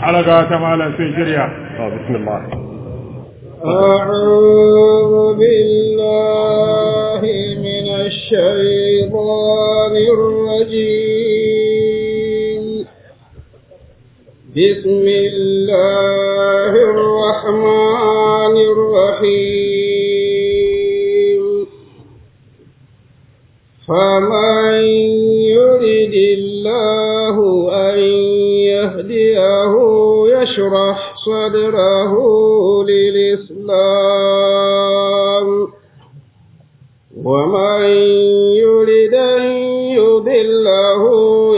حلقة مالا في جريا آه، بسم الله أعوذ بالله من الشيطان الرجيم بسم الله الرحمن الرحيم فمن يرد الله أن يهديه يشرح صدره للإسلام ومن يرد أن يضله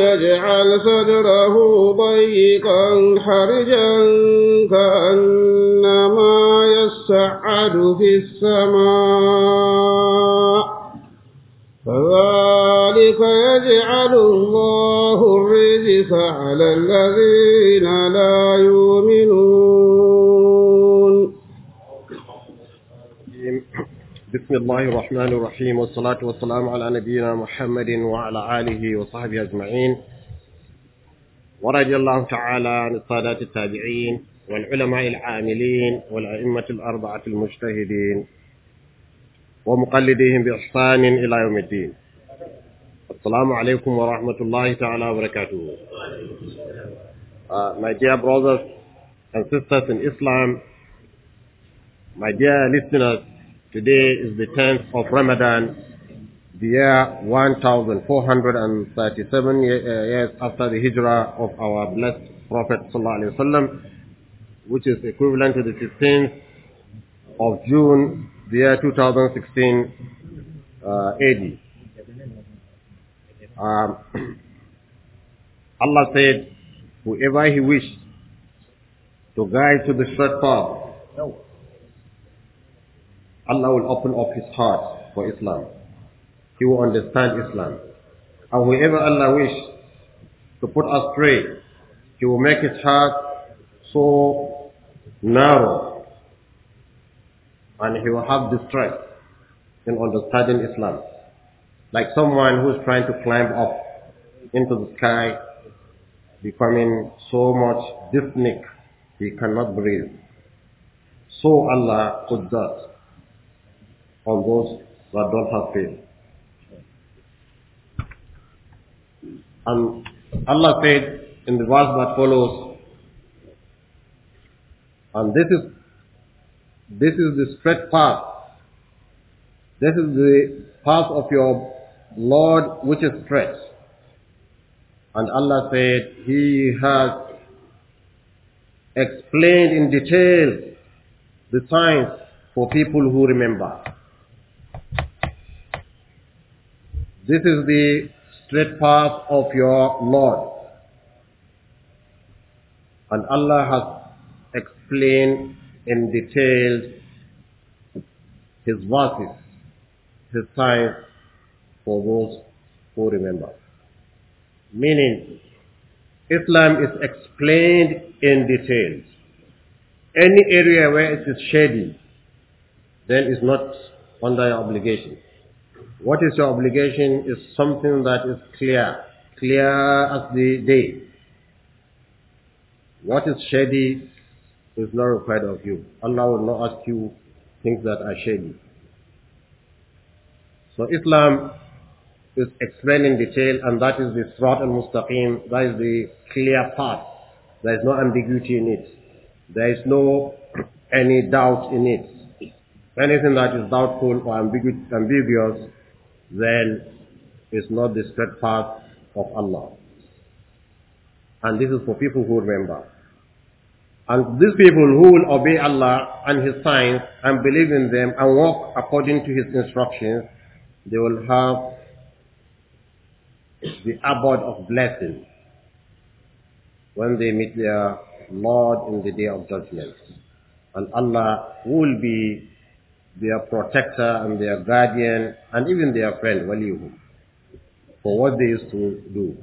يجعل صدره ضيقا حرجا كأنما يسعد في السماء كذلك يجعل الله الرجس على الذين لا يؤمنون بسم الله الرحمن الرحيم والصلاة والسلام على نبينا محمد وعلى آله وصحبه أجمعين ورضي الله تعالى عن السادات التابعين والعلماء العاملين والأئمة الأربعة المجتهدين ومقلديهم بإحسان إلى يوم الدين السلام عليكم wa rahmatullahi تعالى wa barakatuh. Uh, my dear brothers and sisters in Islam, my dear listeners, today is the 10th of Ramadan, the year 1437 years after the hijrah of our blessed Prophet sallallahu alaihi wasallam, which is equivalent to the 15th of June the year 2016 uh, AD. Um, Allah said, whoever he wished to guide to the straight path, Allah will open up his heart for Islam. He will understand Islam. And whoever Allah wished to put astray, he will make his heart so narrow and he will have distress in understanding Islam. Like someone who is trying to climb up into the sky, becoming so much dyspneic, he cannot breathe. So Allah put that on those that don't have faith. And Allah said in the verse that follows, and this is this is the straight path. This is the path of your Lord which is straight. And Allah said, He has explained in detail the signs for people who remember. This is the straight path of your Lord. And Allah has explained in detail his verses, his signs for those who remember. Meaning, Islam is explained in detail. Any area where it is shady, then is not under your obligation. What is your obligation is something that is clear, clear as the day. What is shady, is not required of you. Allah will not ask you things that are shady. So Islam is explained in detail and that is the straight al-Mustaqim, that is the clear path. There is no ambiguity in it. There is no any doubt in it. Anything that is doubtful or ambiguous, then is not the straight path of Allah. And this is for people who remember. And these people who will obey Allah and His signs and believe in them and walk according to His instructions, they will have the abode of blessing when they meet their Lord in the day of judgment. And Allah will be their protector and their guardian and even their friend, Walihu, for what they used to do.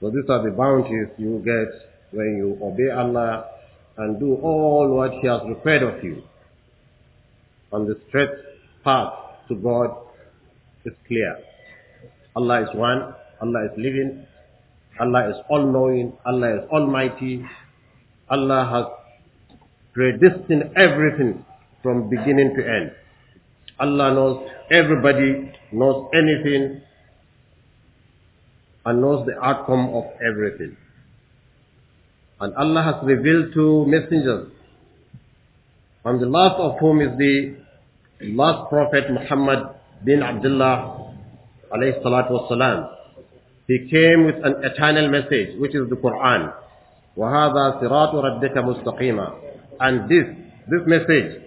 So these are the bounties you get when you obey Allah and do all what He has required of you on the straight path to God is clear. Allah is one, Allah is living, Allah is all-knowing, Allah is almighty, Allah has predestined everything from beginning to end. Allah knows everybody, knows anything, and knows the outcome of everything. And Allah has revealed two messengers, and the last of whom is the last prophet Muhammad bin Abdullah alayhi salatu wasalam. He came with an eternal message, which is the Quran. وَهَذَا صِرَاطُ رَبِّكَ مُسْتَقِيمًا And this, this message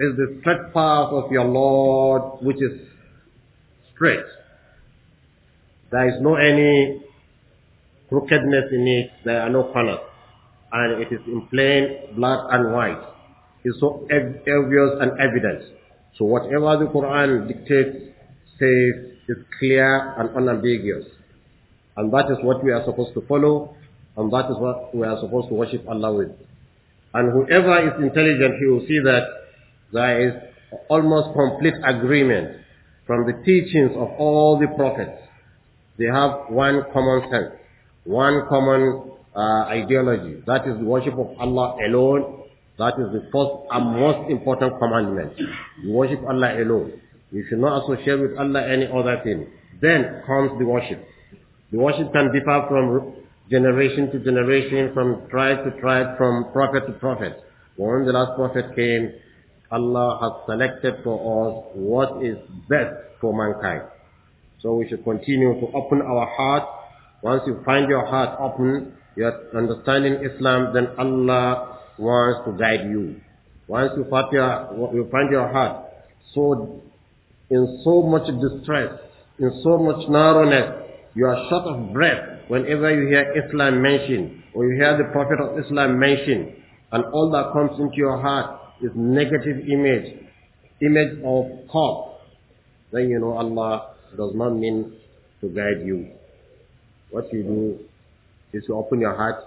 is the straight path of your Lord, which is straight. There is no any crookedness in it. There are no corners and it is in plain black and white. It's so obvious and evident. So whatever the Quran dictates, says, is clear and unambiguous. And that is what we are supposed to follow, and that is what we are supposed to worship Allah with. And whoever is intelligent, he will see that there is almost complete agreement from the teachings of all the prophets. They have one common sense, one common uh, ideology. That is the worship of Allah alone. That is the first and most important commandment. You worship Allah alone. You should not associate with Allah any other thing. Then comes the worship. The worship can differ from generation to generation, from tribe to tribe, from prophet to prophet. when the last prophet came, Allah has selected for us what is best for mankind. So we should continue to open our heart. Once you find your heart open, you are understanding Islam, then Allah wants to guide you. Once you find your, you find your heart so in so much distress, in so much narrowness, you are short of breath whenever you hear Islam mentioned or you hear the Prophet of Islam mentioned and all that comes into your heart is negative image, image of hope, then you know Allah does not mean to guide you. What you do is to open your heart,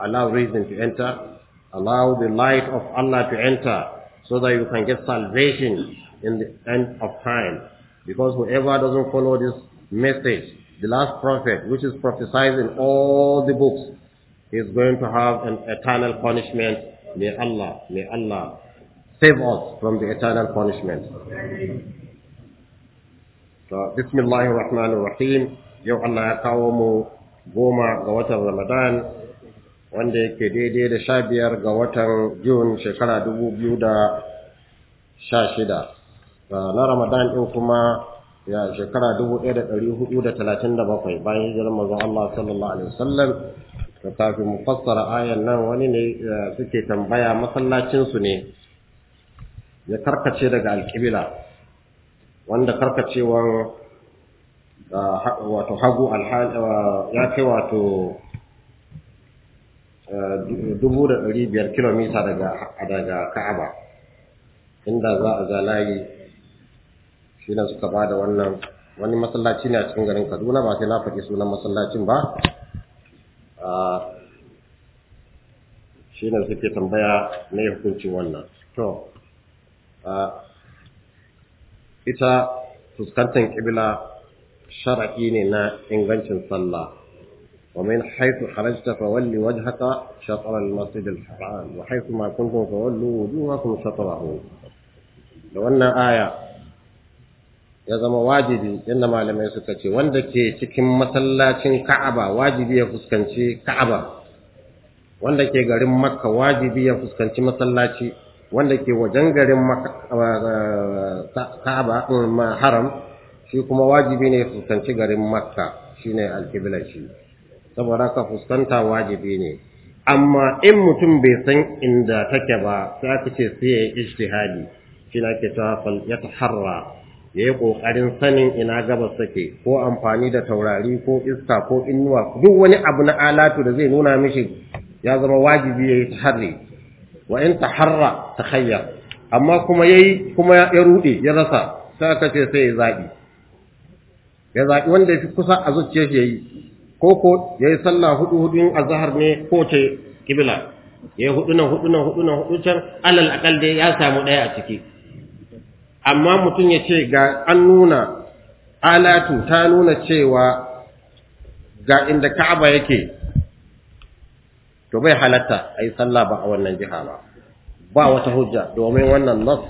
allow reason to enter, allow the light of Allah to enter, so that you can get salvation in the end of time. Because whoever doesn't follow this message, the last prophet, which is prophesied in all the books, is going to have an eternal punishment. May Allah, may Allah save us from the eternal punishment. So, Bismillahir Rahmanir Rahim. Allah ya goma ga watan Ramadan wanda yake daidai da sha biyar ga watan Jun shekara dubu biyu da sha shida. Ah, na Ramadan ɗin kuma ya shekara dubu ɗaya da ɗari hudu da talatin da bakwai bayan hijirar manzon Allah sallallahu alaihi wasallam da kafin mu fassara ayan nan wani ne suke tambaya masallacinsu ne ya karkace daga alƙibila wanda karkacewan wato hagu ya kai wato dubu da ɗari biyar kilomita daga ka'aba inda za a za layi shi ne suka ba da wannan wani masallaci ne a cikin garin kaduna ba sai na faɗi sunan masallacin ba shi ne suke tambaya na yi hukuncin wannan to ita fuskantar ƙibila sharafi ne na ingancin sallah ومن حيث خرجت فول وجهك شطر المسجد الحرام وحيث ما كنتم فولوا وجوهكم شطره da wannan aya ya zama wajibi yadda malamai suka ce wanda ke cikin masallacin ka'aba wajibi ya fuskanci ka'aba wanda ke garin makka wajibi ya fuskanci masallaci wanda ke wajen garin eh, eh, ka'aba eh, haram shi kuma wajibi ne fuskanci garin makka shi ne alkiblar shi saboda ka fuskanta wajibi ne amma in mutum bai san inda take ba sai aka ce sai ya yi ijtihadi shi na ke ya taharra ya yi ƙoƙarin sanin ina gabas take ko amfani da taurari ko iska ko inuwa duk wani abu na alatu da zai nuna mishi ya zama wajibi ya yi taharri wa in taharra ta amma kuma yayi kuma ya rude ya rasa sai aka ce sai ya zaɓi. ya zaɓi wanda ya fi kusa a zuciya shi ya yi ko ko ya yi sallah hudu hudun zahar ne ko ce kibila ya yi hudunan hudunan hudunan hudu alal akal dai ya samu ɗaya a ciki amma mutum ya ce ga an nuna alatu ta nuna cewa ga inda ka'aba yake to bai halatta a yi sallah ba a wannan jiha ba ba wata hujja domin wannan nas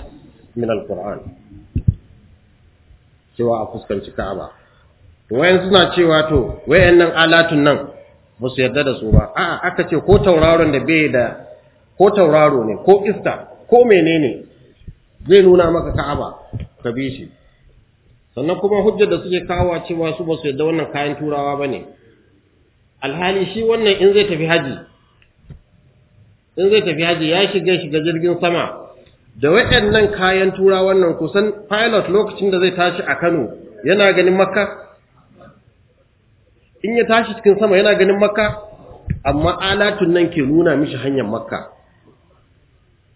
min quran cewa a fuskanci ka'aba wayan suna cewa to wayannan alatun nan ba su yarda da su ba a'a aka ce ko tauraron da bai da ko tauraro ne ko iska ko menene zai nuna maka ka'aba ka bi shi sannan kuma hujjar da suke kawo cewa su ba su yarda wannan kayan turawa ba ne alhali shi wannan in zai tafi haji in zai tafi haji ya shiga shiga jirgin sama da wayannan kayan turawan wannan kusan pilot lokacin da zai tashi a Kano yana ganin Makka in ya tashi cikin sama yana ganin makka amma alatun nan ke nuna mishi hanyar makka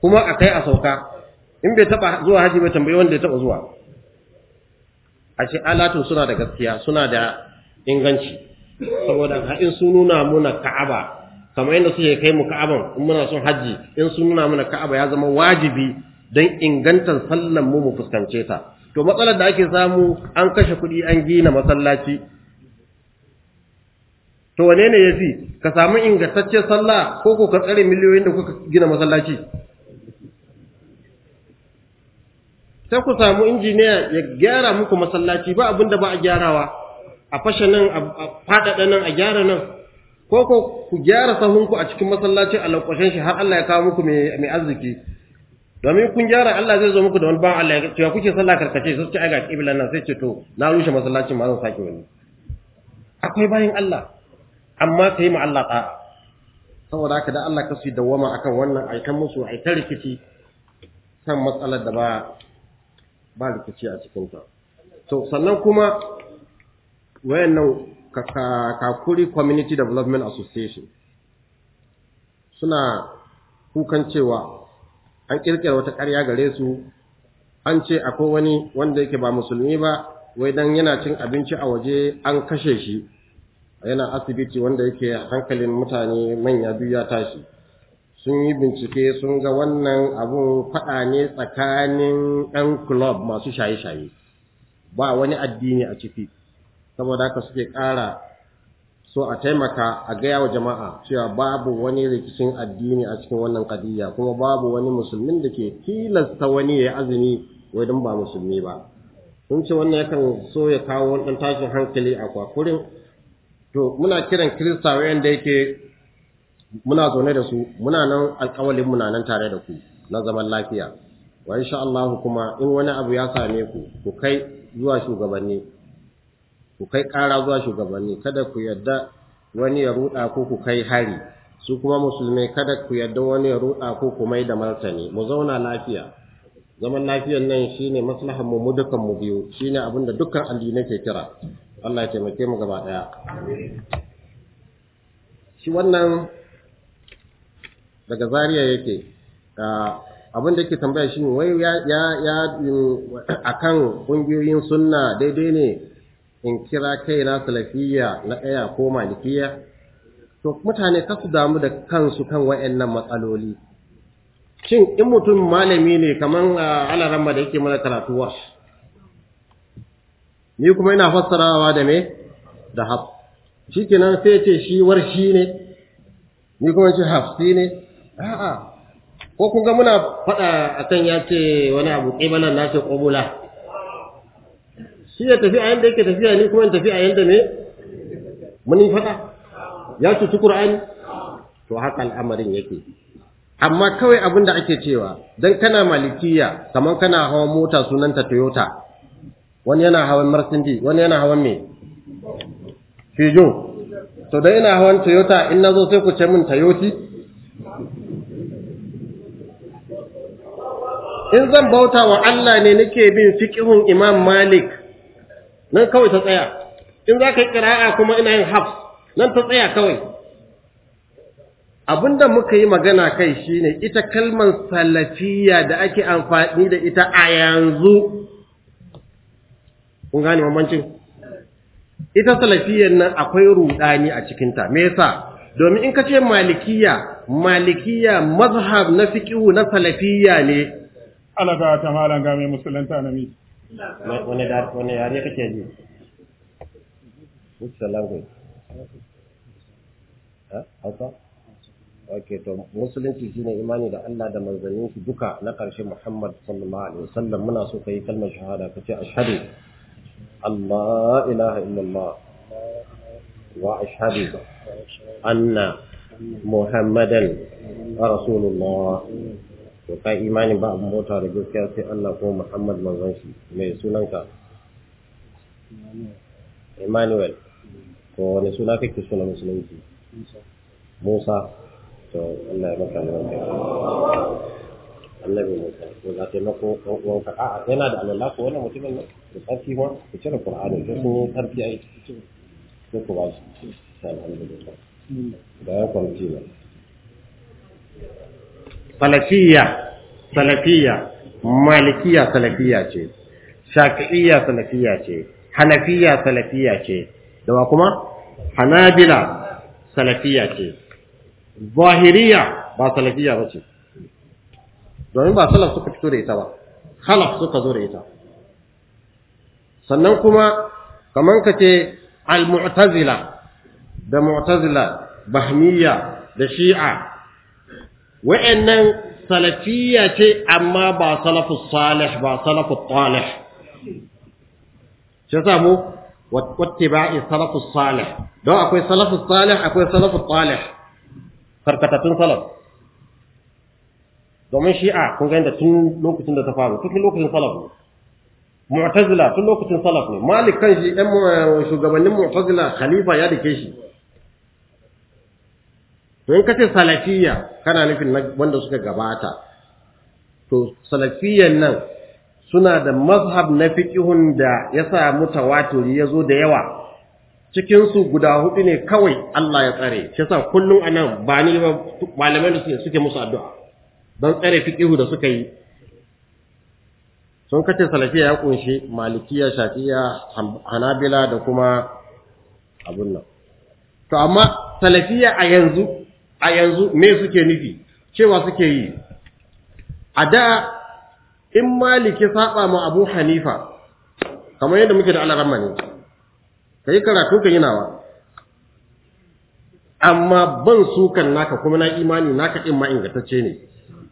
kuma a kai a sauka in bai taba zuwa haji bai tambayi wanda ya taba zuwa a ce alatun suna da gaskiya suna da inganci saboda in sun nuna muna ka'aba kamar yadda suke kai mu ka'aban in muna son haji in sun nuna muna ka'aba ya zama wajibi don ingantar sallan mu mu fuskance ta to matsalar da ake samu an kashe kuɗi an gina masallaci to wane ne yafi ka samu ingantaccen sallah ko ko ka tsare miliyoyin da kuka gina masallaci sai ku samu injiniya ya gyara muku masallaci ba abin da ba a gyarawa a fashe nan a faɗaɗa nan a gyara nan ko ko ku gyara sahunku a cikin masallaci a lankwashen shi har Allah ya kawo muku mai arziki domin kun gyara Allah zai zo muku da wani ba Allah ya ce kuke sallah karkace sai ce ai ga kiblan nan sai ce to na rushe masallacin ma zan sake wani akwai bayin Allah amma kai ma Allah ta'a saboda haka da Allah kasu dawwama akan wannan aikan musu aikan rikici kan matsalar da ba ba rikici a cikin ta to sannan kuma wayannan kakuri community development association suna kukan cewa an kirkira wata ƙarya gare su an ce akwai wani wanda yake ba musulmi ba wai dan yana cin abinci a waje an kashe shi yana asibiti wanda yake hankalin mutane manya biyu ya tashi sun yi bincike sun ga wannan abun faɗa ne tsakanin ɗan club masu shaye-shaye ba wani addini a ciki saboda haka suke ƙara so a taimaka a gaya wa jama'a cewa babu wani rikicin addini a cikin wannan kadiyya kuma babu wani musulmin da ke tilasta wani ya azumi wai don ba musulmi ba sun ce wannan yakan so ya kawo wani tashin hankali a kwakurin to muna kiran Kirista wayanda yake muna zaune da su muna nan alƙawalin muna nan tare da ku na zaman lafiya wa insha Allah kuma in wani abu ya same ku ku kai zuwa shugabanni ku kai ƙara zuwa shugabanni kada ku yadda wani ya ruɗa ko ku kai hari su kuma musulmi kada ku yadda wani ya ruɗa ko ku mai da martani mu zauna lafiya zaman lafiyar nan shine maslahar mu mu dukan mu biyu shine abinda dukkan addinai ke kira Allah ya taimake mu gaba ɗaya. shi wannan daga Zariya yake ah, abin da yake tambaya shi wai ya ya akan kungiyoyin sunna daidai ne in kira kaina salafiyya na ɗaya ko malikiya to mutane kasu damu da kansu kan wayannan matsaloli shin in mutum malami ne kaman ah, alaramma da yake mana karatu wasu ni kuma ina fassarawa da me da haf shikenan sai ce shi warshi ne ni kuma ce hafsi ne a'a ko kun ga muna faɗa akan ya ce wani abu qibalan na ce qubula shi ya tafi a yanda yake tafiya ni kuma in tafi a yadda me muni faɗa ya ce cuci qur'ani to haka al'amarin yake amma kawai abin da ake cewa dan kana malikiya kaman kana hawa mota sunanta toyota wani yana hawan martindi wani yana hawan me fijo to dai ina hawan toyota in nazo sai ku ce min tayoti in zan bauta wa Allah ne nake bin fikihun Imam Malik nan kawai ta tsaya in za ka yi ƙira'a kuma ina yin hafs nan ta tsaya kawai abinda muka yi magana kai shine ita kalmar salafiya da ake amfani da ita a yanzu kun gane bambancin ita salafiyyar nan akwai rudani a cikinta me yasa domin in ka ce malikiya malikiya mazhab na fiqhu na salafiyya ne Allah ta ta malan ga mai musulunta na mi wani da wani yare kake ji which language ha hausa okay to musulunci shine imani da Allah da manzannin duka na karshe Muhammad sallallahu alaihi wasallam muna so kai kalmar shahada kace ashhadu الله إله إلا الله وأشهد أن محمدا رسول الله ba mota da gaskiya Allah ko Muhammad manzon shi mai sunanka Emmanuel ko suna kake musulunci Musa annabi Musa ko za ta mako ko ka a yana da allah ko wannan mutumin ne. da tsarki ko ku cire Qur'ani ko ko tsarki ai ko ko ba shi alhamdulillah da ya kwanci ba salafiyya salafiyya malikiyya salafiyya ce shafi'iyya salafiyya ce hanafiyya salafiyya ce da kuma hanabila salafiyya ce zahiriyya ba salafiyya ba ce domin ba salaf suka fito da ita ba khalaf suka zo da ita sannan kuma kaman ka ce al-mu'tazila da mu'tazila bahmiya da shi'a wa'annan salafiyya ce amma ba salafus salih ba salafut talih shi yasa mu wattiba'i salafus salih don akwai salafus salih akwai salafut talih karkatattun salaf domin shi'a kun ga inda tun lokacin da ta faru tun lokacin salaf ne mu'tazila tun lokacin salaf ne malik kan shi ɗan eh, shugabannin mu'tazila khalifa ya dake shi to in ka ce salafiyya kana nufin wanda suka gabata to salafiyyan nan suna da mazhab na fiqihun da ya samu yazo ya zo da yawa cikinsu guda hudu ne kawai Allah ya tsare shi yasa kullum anan ba ni ba malamai da suke musu addu'a don tsare fiƙihu da suka yi sun kace salafiya ya kunshi malikiya shafiya hanabila da kuma abun nan to amma salafiya a yanzu a yanzu me suke nufi cewa suke yi a da in maliki saba ma abu hanifa kamar yadda muke da alaramma ne kai karatu yi nawa? amma ban sukan naka kuma na imani naka din ma ingantacce ne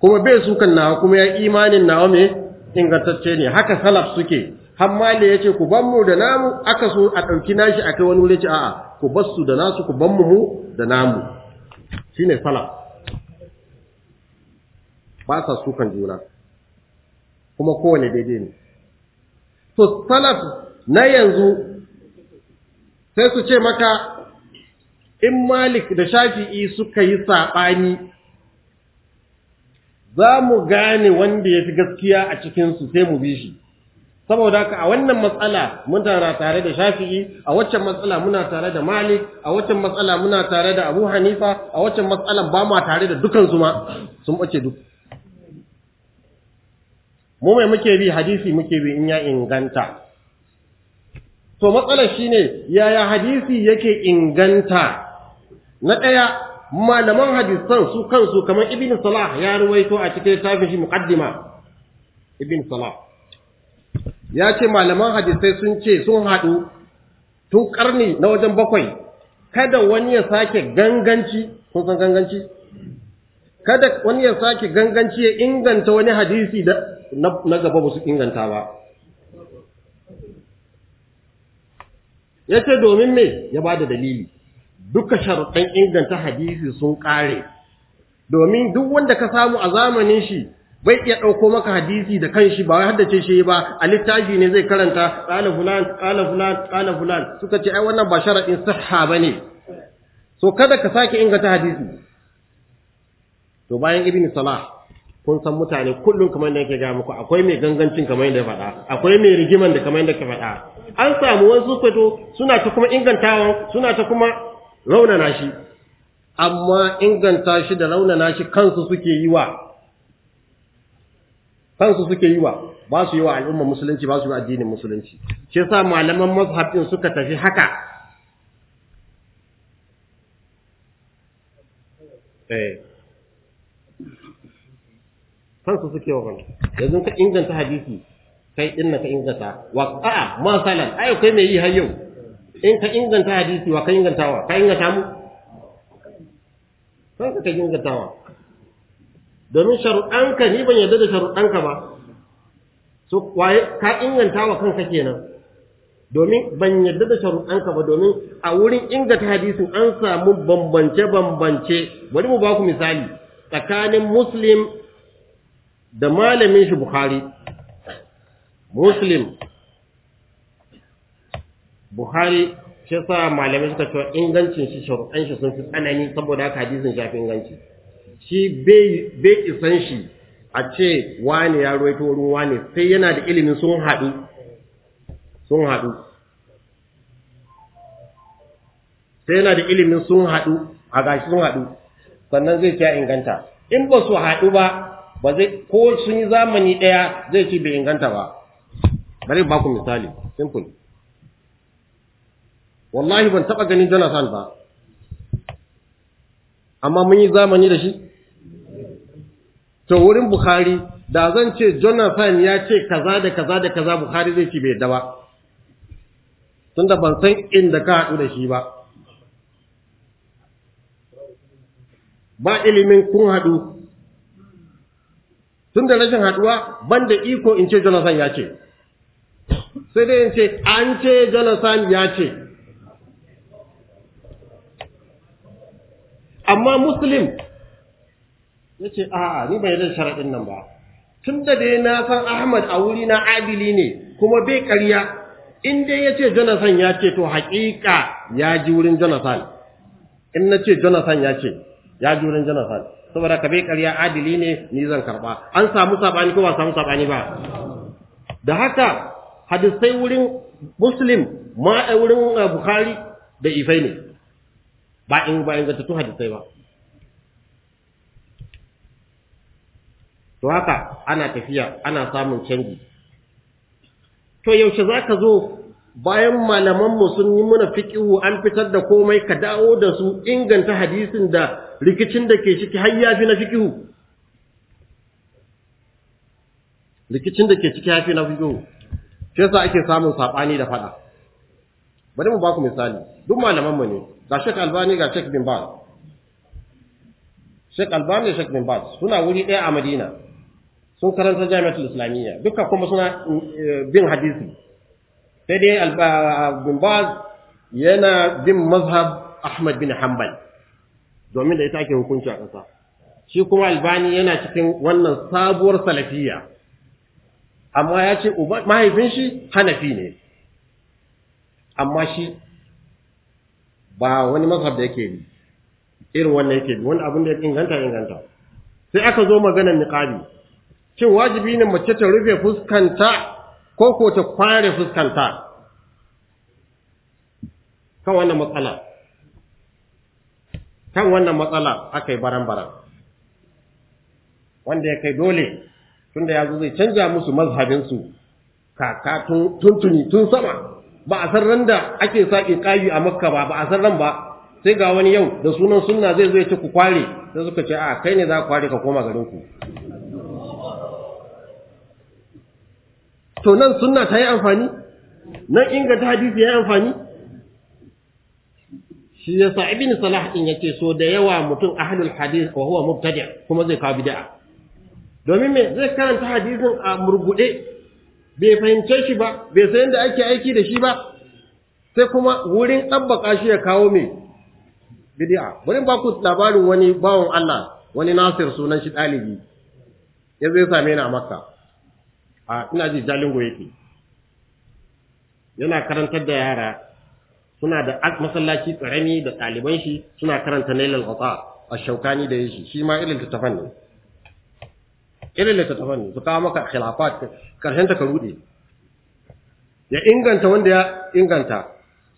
kuma bai su kan nawa kuma ya imanin nawa mai ingantacce ne haka salaf suke hammali ya ce ku ban mu da namu aka so a ɗauki nashi a kai wani wuri ce a'a ku basu su da nasu ku ban mu da namu shi ne salaf ba sa su kan juna kuma kowane daidai ne to salaf na yanzu sai su ce maka in malik da shafi'i suka yi saɓani za mu gane wanda ya fi gaskiya a cikinsu sai mu bi shi saboda haka a wannan matsala mun tara tare da shafi'i a waccan matsala muna tare da malik a waccan matsala muna tare da abu hanifa a waccan matsala ba mu tare da dukansu ma sun bace duk mu mai muke bi hadisi muke bi in ya inganta to matsalar shine yaya hadisi yake inganta na ɗaya malaman hadisan su kansu kamar ibn salah ya ruwaito a cikin tafin shi muqaddima ibn salah ya ce malaman hadisai sun ce sun haɗu tun ƙarni na wajen bakwai kada wani ya sake ganganci san ganganci kada wani ya sake ganganci ya inganta wani hadisi da na gaba ba su inganta ba ya ce domin me ya ba da dalili duka sharuɗan inganta hadisi sun ƙare domin duk wanda ka samu a zamanin shi bai iya ɗauko maka hadisi da kanshi ba wai haddace shi ba a littafi ne zai karanta ƙala fulan ƙala fulan ƙala fulan suka ce ai wannan ba sharaɗin saha ba ne so kada ka sake inganta hadisi to bayan ibn salah kun san mutane kullum kamar yadda yake ga muku akwai mai gangancin kamar yadda faɗa akwai mai rigiman da kamar yadda ka faɗa an samu wasu fito suna ta kuma ingantawa suna ta kuma raunana shi amma inganta shi da raunana shi kansu suke yi wa kansu suke yi wa ba su yi wa al'ummar musulunci ba su yi wa addinin musulunci shi sa malaman mazhabin suka tafi haka eh kansu suke wa kansu yanzu ka inganta hadisi kai din ka inganta wa a'a masalan ai kai mai yi har yau in ka inganta hadisi wa ka ingantawa ka inganta mu kanka ka ingantawa domin sharuɗanka ni ban yarda da sharuɗanka ba so waye ka wa kanka kenan domin ban yarda da sharuɗanka ba domin a wurin inganta hadisin an samu bambance bambance bari mu ba ku misali tsakanin muslim da malamin shi bukhari muslim buhari shi sa malamai suka cewa ingancin shi sharuɗan shi sun fi tsanani saboda haka hadisin shafi inganci shi bai isan shi a ce wani ya ruwaito wurin wani sai yana da ilimin sun haɗu sun haɗu sai yana da ilimin sun haɗu a gashi sun haɗu sannan zai ce inganta in ba su haɗu ba ba zai ko sun yi zamani ɗaya zai ce bai inganta ba bari ba ku misali simple wallahi ban taɓa ganin jonathan ba amma mun yi zamani da shi to wurin bukhari da zan ce jonathan ya ce kaza da kaza da kaza bukhari zai ci bai da ba tunda ban san inda ka haɗu da shi ba ba ilimin kun haɗu tun da rashin haɗuwa ban da iko in ce jonathan ya ce sai dai in ce an ce jonathan ya ce amma muslim ya ce a'a ni bai zai sharaɗin nan ba tun da dai na san ahmad a wuri na adili ne kuma bai ƙarya in dai ya ce jonathan ya ce to haƙiƙa ya ji wurin jonathan in na ce jonathan ya ce ya ji wurin jonathan saboda ka bai ƙarya adili ne ni zan karɓa an samu saɓani ko ba samu saɓani ba da haka hadisai wurin muslim ma wurin uh, bukhari da ifai ne ba in ba in zata hadisai ba to haka ana tafiya ana samun canji to yaushe zaka zo bayan malamanmu sun yi muna fiqihu an fitar da komai ka dawo da su inganta hadisin da rikicin da ke ciki har yafi na fikihu? rikicin da ke ciki yafi na fiqihu shi yasa ake samun sabani da faɗa? bari mu ba ku misali duk mu ne ga Sheikh Albani ga Sheikh bin Baz Sheikh Albani da Sheikh bin Baz suna wuri ɗaya a Madina sun karanta Jami'atul Islamiyya duka kuma suna eh, bin hadisi sai dai ah, ah, bin Baz yana bin mazhab Ahmad bin Hanbal domin da ita ake hukunci a ƙasa shi kuma Albani yana cikin wannan sabuwar salafiyya amma ya ce mahaifin shi Hanafi ne amma shi ba wani mazhab da yake bi irin wannan yake bi wani abin da ya inganta inganta sai aka zo maganar niqabi cin wajibi ne mace ta rufe fuskanta ko ko ta kware fuskanta kan wannan matsala kan wannan matsala aka yi baran-baran wanda ya kai dole tunda ya zo zai canja musu mazhabinsu kaka tuntuni tun sama ba a san ran da ake sake kayi a makka ba ba a san ran ba sai ga wani yau da sunan sunna zai zo ya ce ku kware sai suka ce a kai ne za ku kware ka koma garin ku to nan sunna ta yi amfani nan inganta hadisi ya yi amfani shi ya sa ibn salah din yake so da yawa mutum ahlul hadith wa huwa mubtadi kuma zai kawo bid'a domin me zai karanta hadisin a murgude bai fahimce shi ba bai san yadda ake aiki da shi ba sai kuma wurin abbaka shi ya kawo mai bidi'a. wurin ba ku labarin wani bawon Allah wani Nasir sunan shi ɗalibi ya zai same ni a Makka a ina ji jalingo yake yana karantar da yara suna da masallaci ƙarami da ɗaliban shi suna karanta nailal qata a shaukani da yashi shi ma irin ta fanni. irin littattafan ne su kawo maka khilafat karshen ta ka ya inganta wanda ya inganta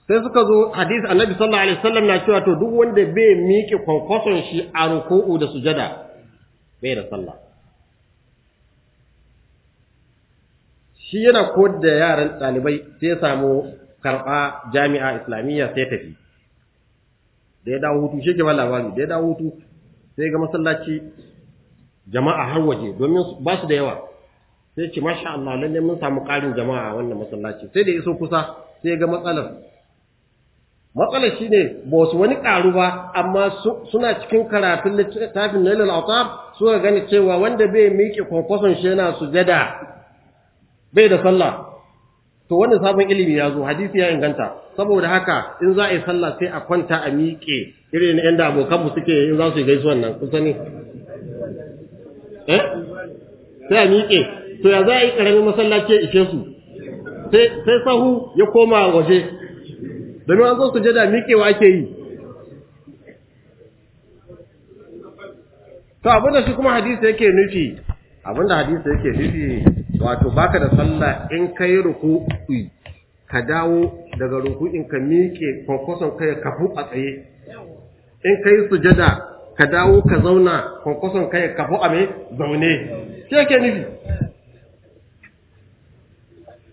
sai suka zo hadisi annabi sallallahu alaihi wasallam na cewa to duk wanda bai miƙe kwankwason shi a ruku'u da sujada bai da sallah shi yana koyar da yaran ɗalibai sai ya samu karɓa jami'a islamiyya sai tafi da ya dawo hutu shi ke ba labari da ya dawo hutu sai ga masallaci jama'a har waje domin ba su da yawa sai ce masha Allah lalle mun samu karin jama'a a wannan masallaci sai da iso kusa sai ga matsalar matsalar shine ba su wani karu ba amma suna cikin karatun littafin nailul su suka gani cewa wanda bai miƙe kwankwason shi yana sujada bai da sallah to wannan sabon ilimi ya zo hadisi ya inganta saboda haka in za a yi sallah sai a kwanta a miƙe irin yadda abokanmu suke in za su yi gaisuwan nan kun sani eh sai a miƙe to ya za a yi ƙaramin masallaci ya ishe su sai sahu ya koma waje domin an zo su jada miƙewa ake yi to abinda shi kuma hadisi yake nufi abinda hadisi yake nufi wato baka da sallah in kai ruku'i ka dawo daga ruku'in ka miƙe kwankwason kai kafu a tsaye in kai sujada ka dawo ka zauna kwankwason kai ka fi ame zaune shi yake nufi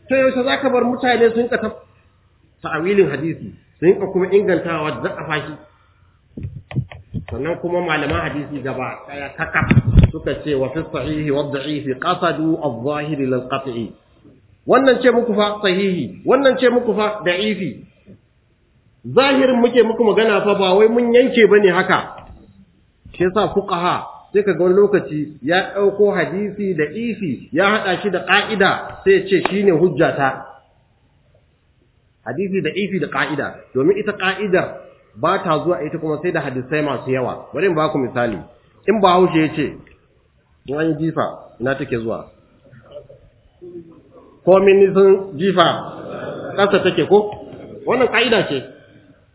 ta yaushe za ka bar mutane sun ka ta'awilin hadisi sun ka kuma ingantawa da a fashi sannan kuma malaman hadisi gaba kaya kaka suka ce wa fi sahihi wa da'ifi qasadu adh-dhahiri lil qat'i wannan ce muku fa sahihi wannan ce muku fa da'ifi zahirin muke muku magana fa ba wai mun yanke bane haka shi yasa fuqaha sai kaga wani lokaci ya dauko hadisi da ifi ya hada shi da ƙa'ida sai ya ce shine hujjata hadisi da ifi da ƙa'ida domin ita ƙa'idar ba ta zuwa ita kuma sai da hadisai masu yawa bari in ba ku misali in ba haushe ya ce in an jifa ina take zuwa ko minisin jifa ƙasa take ko wannan ƙa'ida ce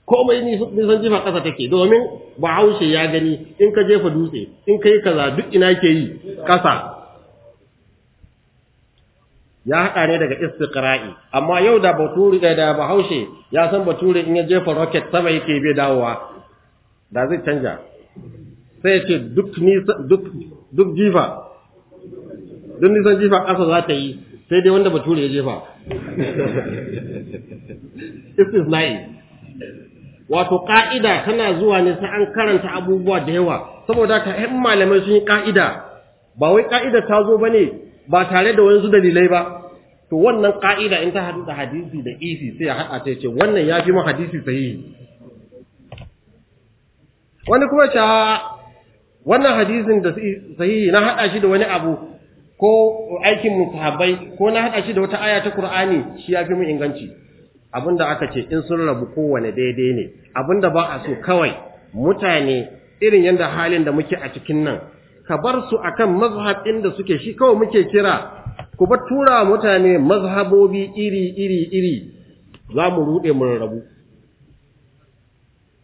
komai nisan jifa ƙasa take domin bahaushe ya gani in ka jefa dutse in ka yi kaza duk ina ke yi ƙasa ya haɗa ne daga istiqra'i amma yau da baturi eh, da bahaushe ya san baturi in ya jefa rocket sama yake bai dawowa da zai canja sai ce duk jifa duk nisan jifa ƙasa za ta yi sai dai wanda bature ya jefa wato ka'ida tana zuwa ne sai an karanta abubuwa da yawa saboda ka ɗan malamai sun yi ka'ida ba wai ka'ida ta zo ba ne, ba tare da wani dalilai ba to wannan ka'ida in ta hadu da hadisi da isi sai ya haɗa ta ce wannan ya fi mu hadisi sahihi wani kuma ce wannan hadisin da sahihi na haɗa shi da wani abu ko aikin musahabai ko na haɗa shi da wata aya ta Qur'ani shi ya fi mu inganci abinda aka ce in sun rabu kowane daidai ne abinda ba a so kawai mutane irin yadda halin da muke a cikin nan ka bar su akan mazhab ɗin da suke shi kawai muke kira ku bar tura mutane mazhabobi iri iri iri za mu ruɗe mu rabu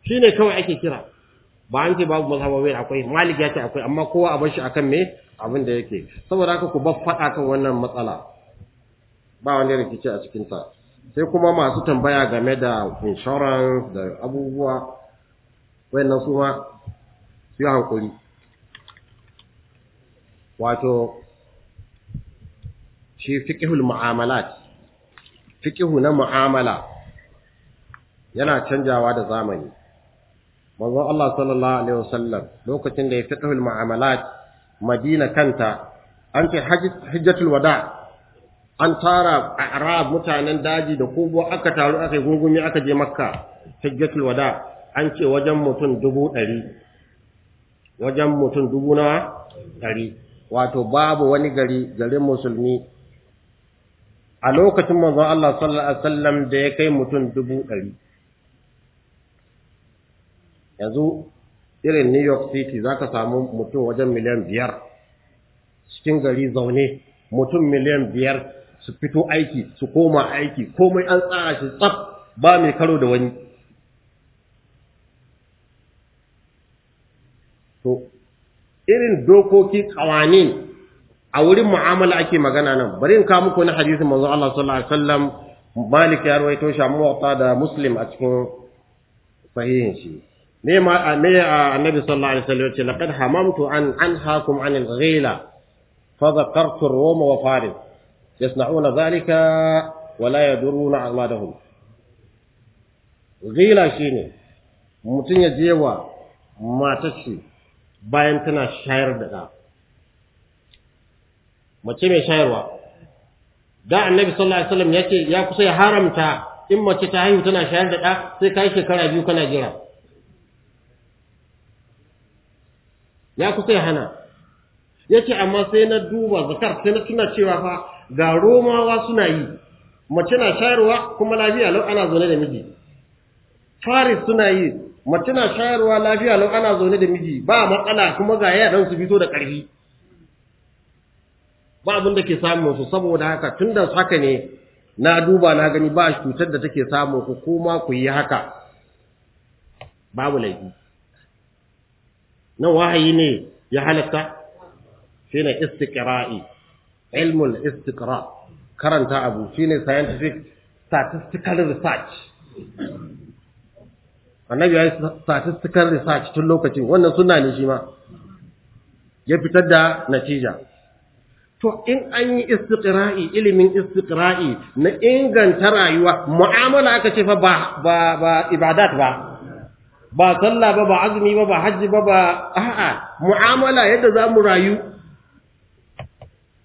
shi ne kawai ake kira ba an ce babu mazhabobi akwai malik ya ce akwai amma kowa a bar shi akan me abin da yake saboda haka ku bar faɗa kan wannan matsala ba wani rikici a cikinta sai kuma masu tambaya game da insurance da abubuwa wayannan su ma su yi hankuri wato shi fiƙihul mu'amalat fiƙihu na mu'amala yana canjawa da zamani manzon Allah sallallahu alaihi wasallam lokacin da ya fiƙihul mu'amalat Madina kanta an ce hajjatul wada an tara arab mutanen daji da kogo aka taru aka yi gungumi aka je makka hajjatul wada an ce wajen mutum dubu ɗari wajen mutum dubu na ɗari wato babu wani gari garin musulmi a lokacin manzon Allah sallallahu alaihi wasallam da ya kai mutum dubu ɗari yanzu irin New York City za ka samu mutum wajen miliyan biyar cikin gari zaune mutum miliyan biyar su fito aiki su koma aiki komai an tsara shi tsaf ba mai karo da wani to irin dokoki kawanin a wurin mu'amala ake magana nan bari in kawo muku na hadisin manzo Allah sallallahu alaihi wasallam Malik ya rawaito shi muwatta da Muslim a cikin sahihin shi ne ma annabi sallallahu alaihi wasallam yace laqad hamamtu an anhaakum anil ghila fa dhakartu ar-rum wa faris yasna'una zalika wala yadurruna amadahum ghila shine mutum ya je wa matar shi bayan tana shayar da mace mai shayarwa da annabi sallallahu alaihi wasallam yace ya kusa ya haramta in mace ta haihu tana shayar da ɗa sai kai shekara biyu kana jira ya kusa ya hana yace amma sai na duba zakar sai na tuna cewa fa ga romawa suna yi mace na shayarwa kuma lafiya lau ana zaune da miji faris suna yi mace na shayarwa lafiya lau ana zaune da miji ba matsala kuma ga yaran su fito da ƙarfi ba abin da ke samun su saboda haka tun da haka ne na duba na gani ba cutar da take samun ku kuma ku yi haka babu laifi nan wahayi ne ya halatta shi ne istikira'i ilmul istiqra karanta abu shine scientific statistical research annabi ya yi statistical research tun lokacin wannan suna ne shi ma ya fitar da natija to in an yi istiqra'i ilimin istiqra'i na inganta rayuwa mu'amala aka ce fa ba ba ba ibadat ba ba sallah ba ba azumi ba ba hajji ba ba a'a mu'amala yadda za mu rayu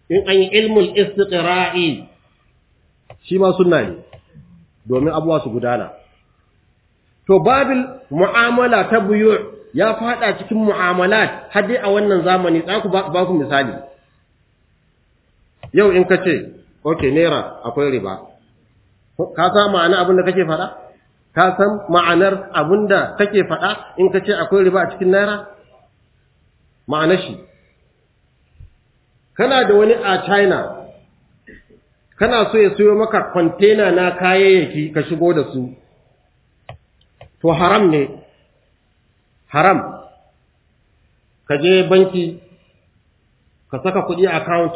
in an yi ilmul istiqra'i shi ma sunna ne domin abuwa su gudana to babil mu'amala ta buyu ya fada cikin mu'amalat har dai a wannan zamani za ku ba ku misali yau in ka ce okay naira akwai riba ka san ma'ana abin da kake faɗa ka san ma'anar abinda da kake faɗa in ka ce akwai riba a cikin naira ma'anar shi kana da wani a china kana so ya suyo maka kwantena na kayayyaki ka shigo da su to haram ne haram ka je banki ka saka kuɗi account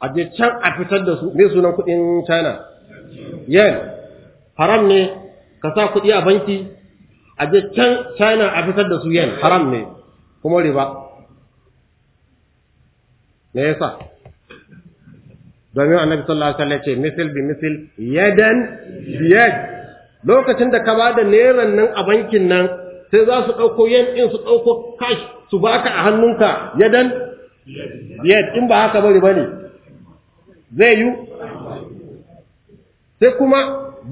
a je can a fitar da su mai sunan kuɗin china yen haram ne ka sa kuɗi a banki a je can china a fitar da su yen haram ne kuma riba me yasa domin annabi sallallahu alaihi wasallam ce misil bi misil yadan yad lokacin da ka bada neran nan a bankin nan sai za su dauko yan din su dauko cash su baka a hannunka yadan yad in ba haka bari bane zai yu. sai kuma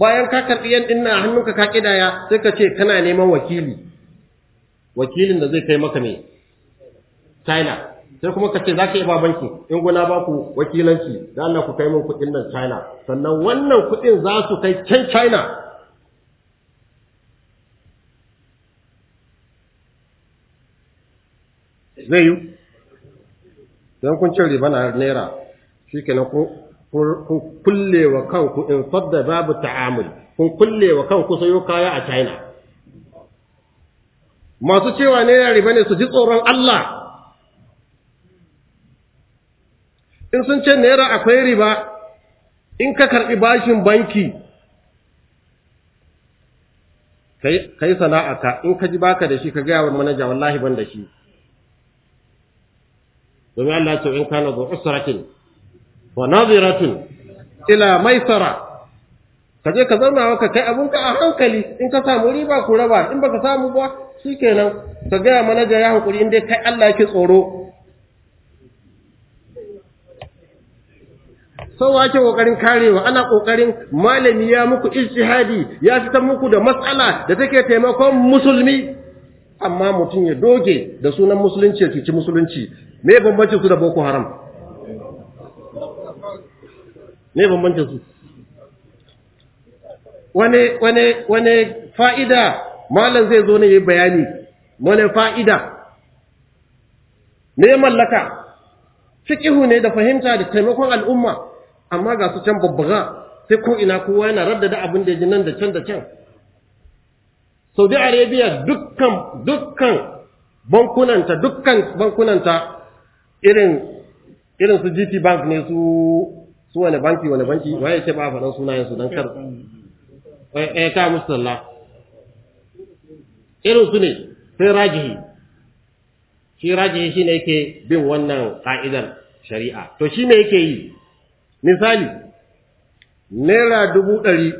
bayan ka karbi yan din nan a hannunka ka kidaya sai ka ce kana neman wakili wakilin da zai kai maka ne China sai kuma ka ce za ka yi ba banki in guna ba ku wakilanci da Allah ku kai min kuɗin nan China sannan wannan kuɗin za su kai can China zai yi don kun cin riba na naira shi ke kun kulle wa kanku in fadda babu ta'amul kun kulle wa kanku sayo kaya a China masu cewa naira riba ne su ji tsoron Allah in sun ce naira akwai riba in ka karɓi bashin banki ka yi ka, in ka ji baka da shi ka gaya wa manaja wallahi ban da shi domin Allah ce in kana zuwa usratin wa naziratun ila maisara ka je ka zauna wa ka kai abinka a hankali in ka samu riba ku raba in baka samu ba shikenan ka gaya manaja ya hankuri in dai kai Allah yake tsoro sau ake kokarin karewa ana kokarin malami ya muku ijtihadi ya fitar muku da matsala da take taimakon musulmi amma mutum ya doge da sunan musulunci ya cuci musulunci me bambancin su da boko haram me bambancin su wane wane wane fa'ida malam zai zo ne yayi bayani wane fa'ida ne mallaka fiqhu ne da fahimta da taimakon al'umma amma ga su can babbaga sai ko ina kowa yana raddada abin da ya ji nan da can da can saudi arabia dukkan dukkan bankunanta dukkan bankunanta irin irin su gt bank ne su su wani banki wani banki waye ce ba faɗan sunayen su don kar eh, eh ta musalla irin su ne sai rajihi shi rajihi shine yake bin wannan ka'idar shari'a to shi me yake yi misali naira dubu ɗari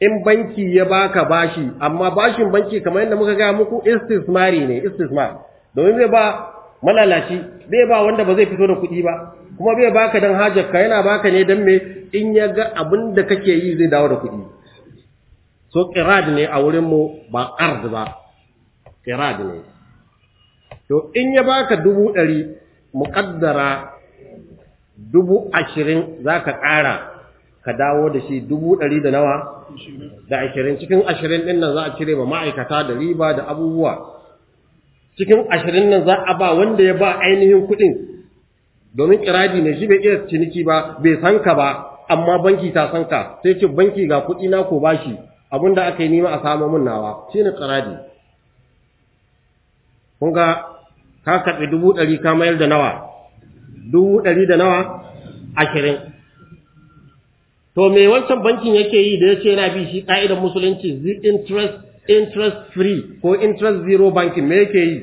in banki ya baka bashi amma bashin banki kamar yadda muka gaya muku istismari ne istismar domin zai ba malalaci bai ba wanda ba zai fito da kuɗi ba kuma bai baka don hajarka yana baka ne don me in ya ga abin da kake yi zai dawo da kuɗi so ƙirad ne a wurinmu ba ard ba ƙirad ne to in ya baka dubu ɗari muƙaddara dubu ashirin za ka ƙara ka dawo da shi dubu ɗari da nawa da ashirin cikin ashirin ɗin nan za a cire ma ma'aikata da riba da abubuwa cikin ashirin nan za a ba wanda ya ba ainihin kuɗin domin ƙiradi ne shi bai iya ciniki ba bai san ka ba amma banki ta san ka sai ce banki ga kuɗi na ko bashi da aka yi nima a samu mun nawa ne ƙiradi kun ga ka karɓi dubu ɗari ka mayar da nawa dubu ɗari da nawa ashirin to me wancan bankin yake yi da ya ce yana bi shi ƙa'idar musulunci interest interest free ko interest zero banking me yake yi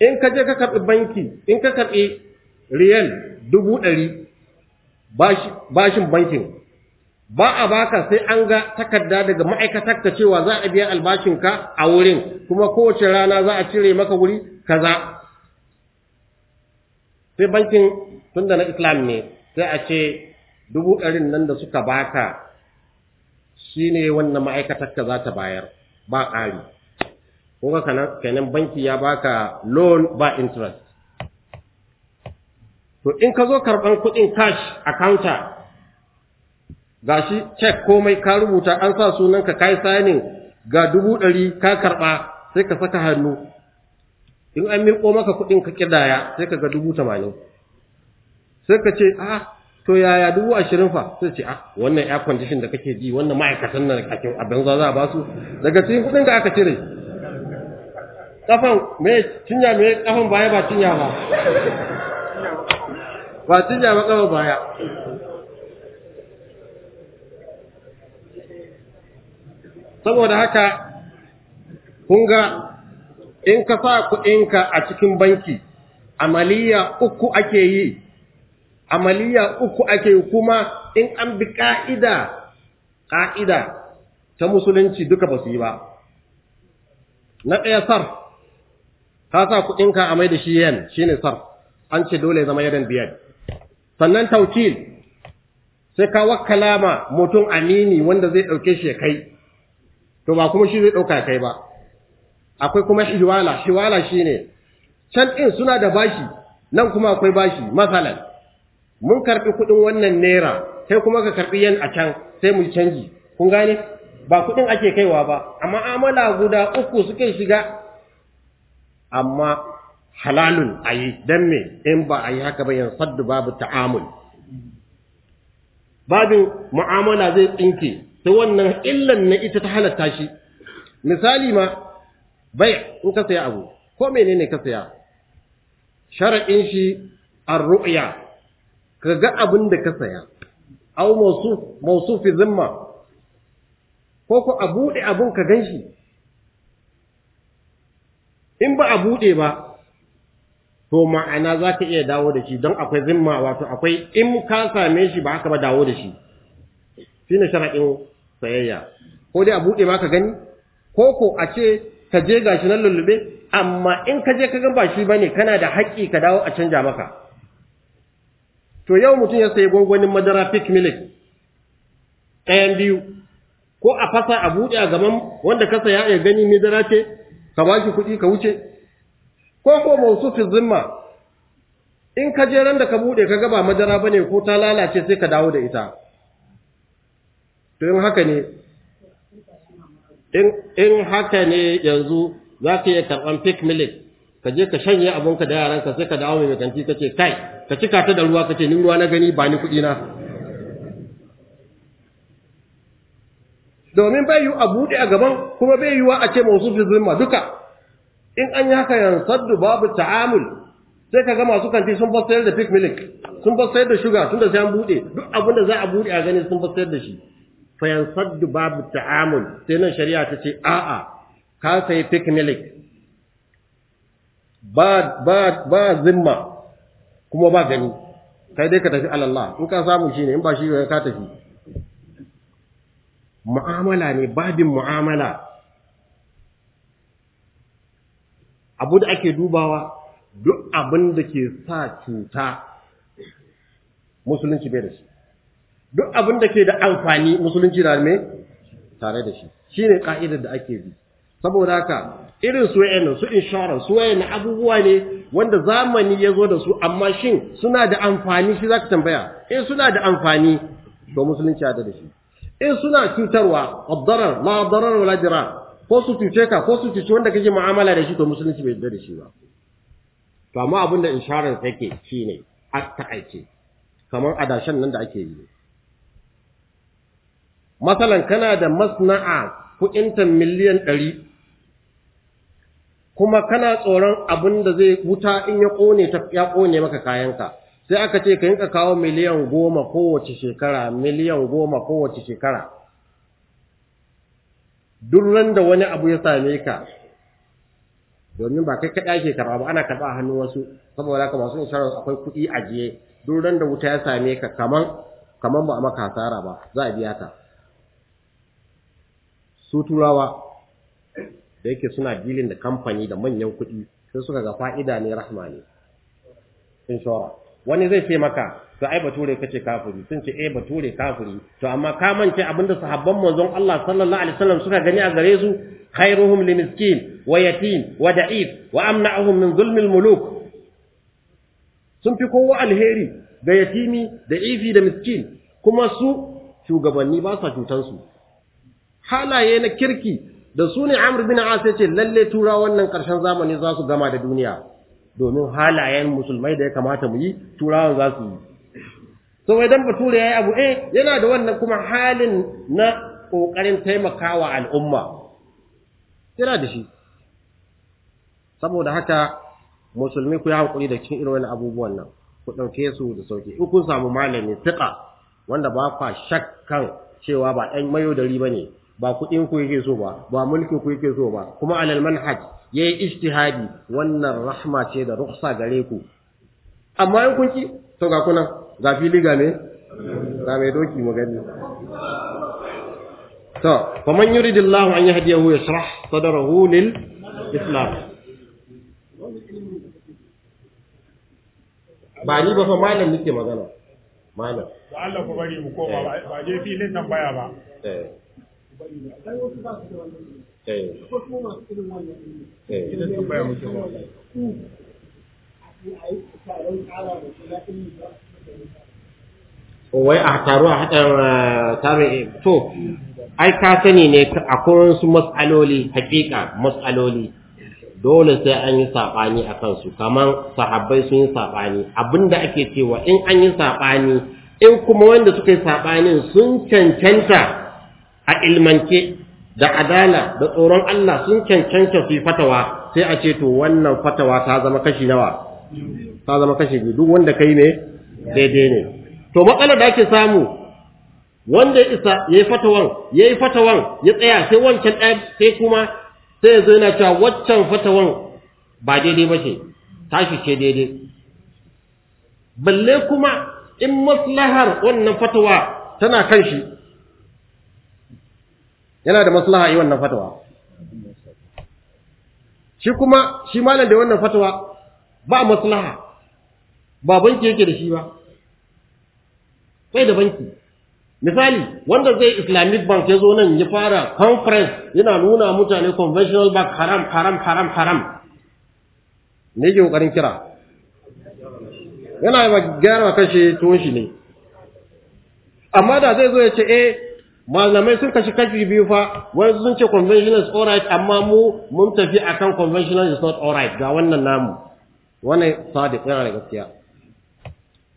in ka je ka karɓi banki in ka karɓi riyal dubu ɗari bashin bankin ba a baka sai an ga takarda daga ma'aikatar ka cewa za a biya albashinka a wurin kuma kowace rana za a cire maka wuri kaza sai bankin tun da na islam ne sai a ce dubu ɗarin nan da suka baka shine wannan ma'aikatar ka za ta bayar ba ƙari ko ga kenan banki ya baka loan ba interest to in ka zo karɓar kuɗin cash a counter gashi check komai ka rubuta an sa sunanka kai signing ga dubu ɗari ka karɓa sai ka saka hannu in an miƙo maka kuɗin ka ƙidaya sai ka ga dubu tamanin sai ka ce a ah, to yaya dubu ashirin fa sai ce a ah, wannan air condition da kake ji wannan ma'aikatan nan a banza za a ba su daga cikin kuɗin da aka cire kafan me cinya me kafan baya ba cinya ba ba cinya ba kafan baya saboda haka kun ga in ka sa kuɗinka a cikin banki amaliya uku ake yi amaliya uku ake yi kuma in an bi ƙa'ida ƙa'ida ta musulunci duka ba su yi ba na ɗaya sar ka sa kuɗinka a mai da shi yan shi ne sar an ce dole zama yadan biyar sannan taukil sai ka wakkala ma mutum amini wanda zai ɗauke shi ya kai to ba kuma shi zai ɗauka kai ba akwai kuma hiwala hiwala shine can din suna da bashi nan kuma akwai bashi masalan mun karbi kudin wannan naira sai kuma ka karbi yan a can sai mu canji kun gane ba kudin ake kaiwa ba amma amala guda uku suke shiga amma halalun ayi dan me in ba ayi haka ba yan saddu babu ta'amul babin mu'amala zai tsinke sai wannan illan na ita ta halatta shi misali ma bai in ka saya abu ko menene ka saya sharadin shi arru'ya ka ga abin da ka saya aw mawsuf mawsuf fi zimma ko ko a bude abun ka ganshi in ba a bude ba to ma'ana za ka iya dawo da shi don akwai zimma wato akwai in ka same shi ba haka ba dawo da shi shine shara'in sayayya ko dai a bude ma ka gani ko ko a ce ka je shi nan lullube amma in ka je ka ga ba shi bane kana da haƙƙi ka dawo a canja maka to yau mutum ya sayi gwangwanin madara pick milk ɗayan biyu ko a fasa a buɗe a gaban wanda ka saya ya gani madara ce ka ba shi kuɗi ka wuce ko ko mausu zimma in ka je ran da ka buɗe ka ga ba madara bane ko ta lalace sai ka dawo da ita to in haka ne in haka ne yanzu za ka iya karɓan fake milik ka je ka shanye abinka da yaranka sai ka dawo mai kanti ka ce kai ka cika ta da ruwa ka ce ni ruwa na gani ba ni kuɗi na domin bai yi a buɗe a gaban kuma bai wa a ce masu fi duka in an yi haka yansaddu babu ta'amul sai ka ga masu kanti sun ba sayar da fake milik sun ba da shuga tun da sai an buɗe duk abin da za a buɗe a gani sun ba da shi Fayan saddu babu ta'amul sai nan shari'a ta ce a'a ka sai pick milk ba ba ba zimma kuma ba gani kai dai ka tafi alallah in ka samu shine in ba shi ka tafi mu'amala ne babin mu'amala abu da ake dubawa duk abin da ke sa cuta musulunci bai da shi duk abin da ke da amfani musulunci na me tare da shi shine ka'idar da ake bi saboda haka irin su wayannan su insurance su abubuwa ne wanda zamani ya zo da su amma shin suna da amfani shi za ka tambaya in eh, suna da amfani to musulunci ya da shi in eh, suna cutarwa addarar ma addarar wala jira ko su cuce ka ko su cuce wanda kake mu'amala da shi to musulunci bai da shi ba to amma abin da insurance yake shine a ta'aice kamar adashan nan da ake yi masalan kana da masna'a kuɗinta miliyan ɗari kuma kana tsoron abin da zai wuta in ya ƙone ta ya ƙone maka kayanka sai aka ce ka yinka kawo miliyan goma kowace shekara miliyan goma kowace shekara duk ran da wani abu ya same ka domin ba kai kaɗa ke karɓa ba ana karɓa hannu wasu saboda haka masu insurance akwai kuɗi ajiye duk ran da wuta ya same ka kaman kaman ba a maka hasara ba za a biya ka su turawa da yake suna dilin da kamfani da manyan kuɗi sai suka ga fa'ida ne rahma ne inshora wani zai ce maka to ai bature kace kafiri sun ce eh bature kafiri to amma ka mance abinda sahabban manzon Allah sallallahu alaihi wasallam suka gani a gare su khairuhum miskin, wa yatim wa da'if wa amna'uhum min zulmil muluk sun fi kowa alheri ga yatimi da ifi da miskin kuma su shugabanni ba sa su. halaye na kirki da su ne amur bin As ya ce lalle tura wannan ƙarshen zamani za su gama da duniya domin halayen musulmai da ya kamata mu yi turawan za su yi so idan bature yayi abu eh yana da wannan kuma halin na kokarin taimakawa al'umma yana da shi saboda haka musulmi ku yi ƙuri da cikin irin abubuwan nan ku ɗauke su da sauki in kun samu malami tiƙa wanda ba kwa shakkan cewa ba ɗan mayo dari ba ne ba kuɗin ku yake so ba ba mulkin ku yake so ba kuma alal manhaj yayi ijtihadi wannan rahma ce da ruksa gare ku amma in kun ki to ga kuna ga fili ga ne ga mai doki mu gani to fa man yuridillahu an yahdiyahu yashrah sadrahu lil islam ba ni ba fa malam nake magana malam da Allah ku bari mu koma ba je filin nan baya ba eh Eh, wai a taru a haɗar eh, tarin eh, to ai ka sani ne a su matsaloli hakika matsaloli dole sai an yi saɓani a kansu kamar sahabbai sun yi saɓani abinda ake cewa in an yi saɓani in kuma wanda suka yi saɓanin sun cancanta a ilmance da adala da tsoron Allah sun cancanta su fatawa sai a ce to wannan fatawa ta zama kashi nawa ta zama kashi biyu duk wanda kai ne daidai ne to matsalar da ake samu wanda ya isa yayi fatawan yayi fatawan ya tsaya sai wancan ɗaya sai kuma sai ya zo yana cewa waccan fatawan ba daidai ba ce tashi ce daidai balle kuma in maslahar wannan fatawa tana kan shi yana da maslaha yi wannan fatawa shi kuma shi malam da wannan fatawa ba maslaha ba banki yake da shi ba sai da banki misali wanda zai islamic bank ya zo nan ya fara conference yana nuna mutane conventional bank haram haram haram haram ne yake kokarin kira yana gyara kashe tuwon shi ne amma da zai zo ya ce eh malamai sun kashi kashi biyu fa wani sun ce conventional is alright amma mu mun tafi akan conventional is not alright ga wannan namu wannan sadiq yana da gaskiya